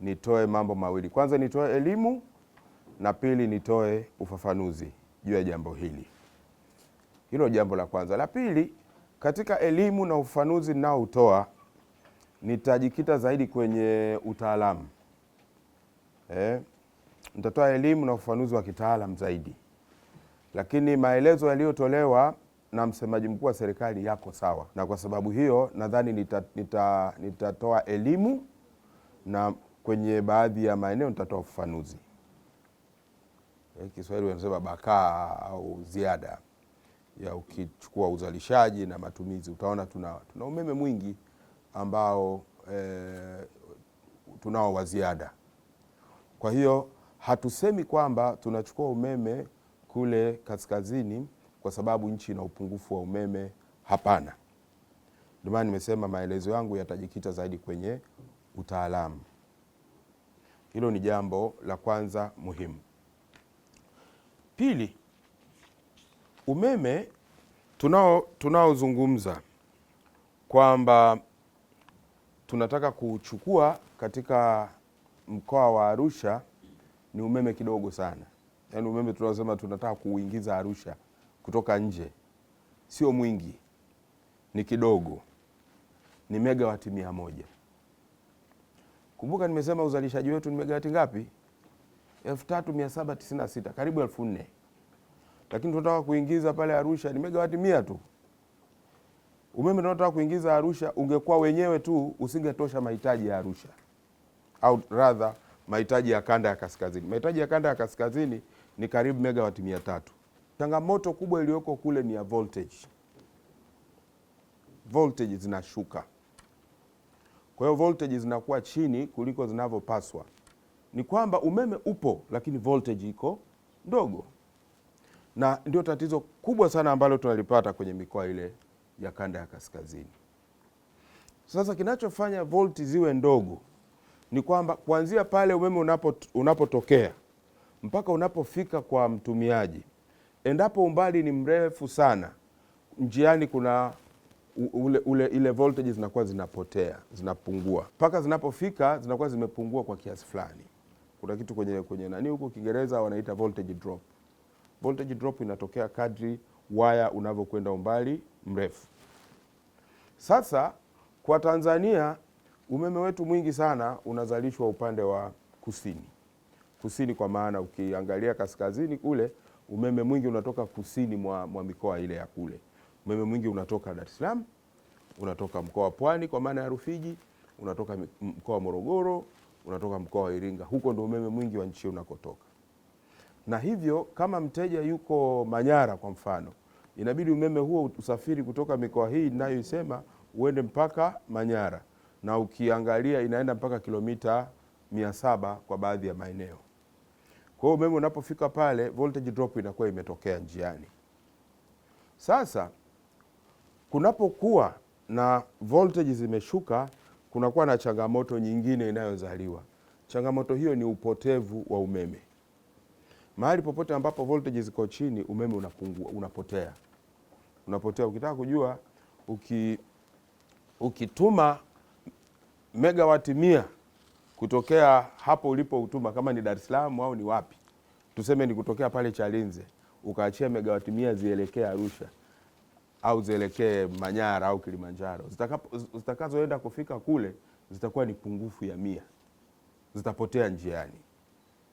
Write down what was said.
nitoe mambo mawili. Kwanza nitoe elimu na pili nitoe ufafanuzi juu ya jambo hili. Hilo jambo la kwanza. La pili, katika elimu na ufafanuzi ninaoutoa nitajikita zaidi kwenye utaalamu eh, nitatoa elimu na ufafanuzi wa kitaalam zaidi, lakini maelezo yaliyotolewa na msemaji mkuu wa serikali yako sawa, na kwa sababu hiyo nadhani nitatoa nita, nita elimu na kwenye baadhi ya maeneo nitatoa ufafanuzi. Eh, Kiswahili wanasema bakaa au ziada ya, ukichukua uzalishaji na matumizi utaona tuna, tuna umeme mwingi ambao e, tunao wa ziada. Kwa hiyo hatusemi kwamba tunachukua umeme kule kaskazini kwa sababu nchi ina upungufu wa umeme, hapana. Ndio maana nimesema maelezo yangu yatajikita zaidi kwenye utaalamu. Hilo ni jambo la kwanza muhimu. Pili, umeme tunao tunaozungumza kwamba tunataka kuchukua katika mkoa wa Arusha ni umeme kidogo sana, yaani umeme tunaosema tunataka kuuingiza Arusha kutoka nje sio mwingi, ni kidogo, ni megawati mia moja. Kumbuka nimesema uzalishaji wetu ni megawati ngapi? 3796 karibu 4000. Lakini tunataka kuingiza pale Arusha ni megawati mia tu. Umeme tunataka kuingiza Arusha ungekuwa wenyewe tu usingetosha mahitaji ya Arusha au rather mahitaji ya kanda ya kaskazini. Mahitaji ya kanda ya kaskazini ni karibu megawati mia Changamoto kubwa iliyoko kule ni ya voltage. Voltage zinashuka kwa hiyo voltage zinakuwa chini kuliko zinavyopaswa. Ni kwamba umeme upo, lakini voltage iko ndogo, na ndio tatizo kubwa sana ambalo tunalipata kwenye mikoa ile ya kanda ya kaskazini. Sasa kinachofanya volti ziwe ndogo ni kwamba kuanzia pale umeme unapo, unapotokea mpaka unapofika kwa mtumiaji, endapo umbali ni mrefu sana, njiani kuna ule, ule, ile voltage zinakuwa zinapotea zinapungua, mpaka zinapofika zinakuwa zimepungua kwa kiasi fulani. Kuna kitu kwenye, kwenye nani huko Kiingereza wanaita voltage drop. Voltage drop inatokea kadri waya unavyokwenda umbali mrefu. Sasa kwa Tanzania umeme wetu mwingi sana unazalishwa upande wa kusini kusini, kwa maana ukiangalia kaskazini kule umeme mwingi unatoka kusini mwa, mwa mikoa ile ya kule Umeme mwingi unatoka Dar es Salaam, unatoka mkoa wa Pwani kwa maana ya Rufiji, unatoka mkoa wa Morogoro, unatoka mkoa wa Iringa. Huko ndio umeme mwingi wa nchi unakotoka, na hivyo kama mteja yuko Manyara kwa mfano, inabidi umeme huo usafiri kutoka mikoa hii ninayoisema uende mpaka Manyara, na ukiangalia inaenda mpaka kilomita mia saba kwa baadhi ya maeneo. Kwa hiyo umeme unapofika pale, voltage drop inakuwa imetokea njiani. Sasa Kunapokuwa na voltage zimeshuka, kunakuwa na changamoto nyingine inayozaliwa. Changamoto hiyo ni upotevu wa umeme. Mahali popote ambapo voltage ziko chini, umeme unapungua, unapotea, unapotea. Ukitaka kujua, uki, ukituma megawati mia kutokea hapo utuma, kama ni Dar es Salaam au ni wapi, tuseme ni kutokea pale Chalinze, ukaachia megawati mia zielekea Arusha au zielekee Manyara au Kilimanjaro, zitakazoenda kufika kule zitakuwa ni pungufu ya mia, zitapotea njiani.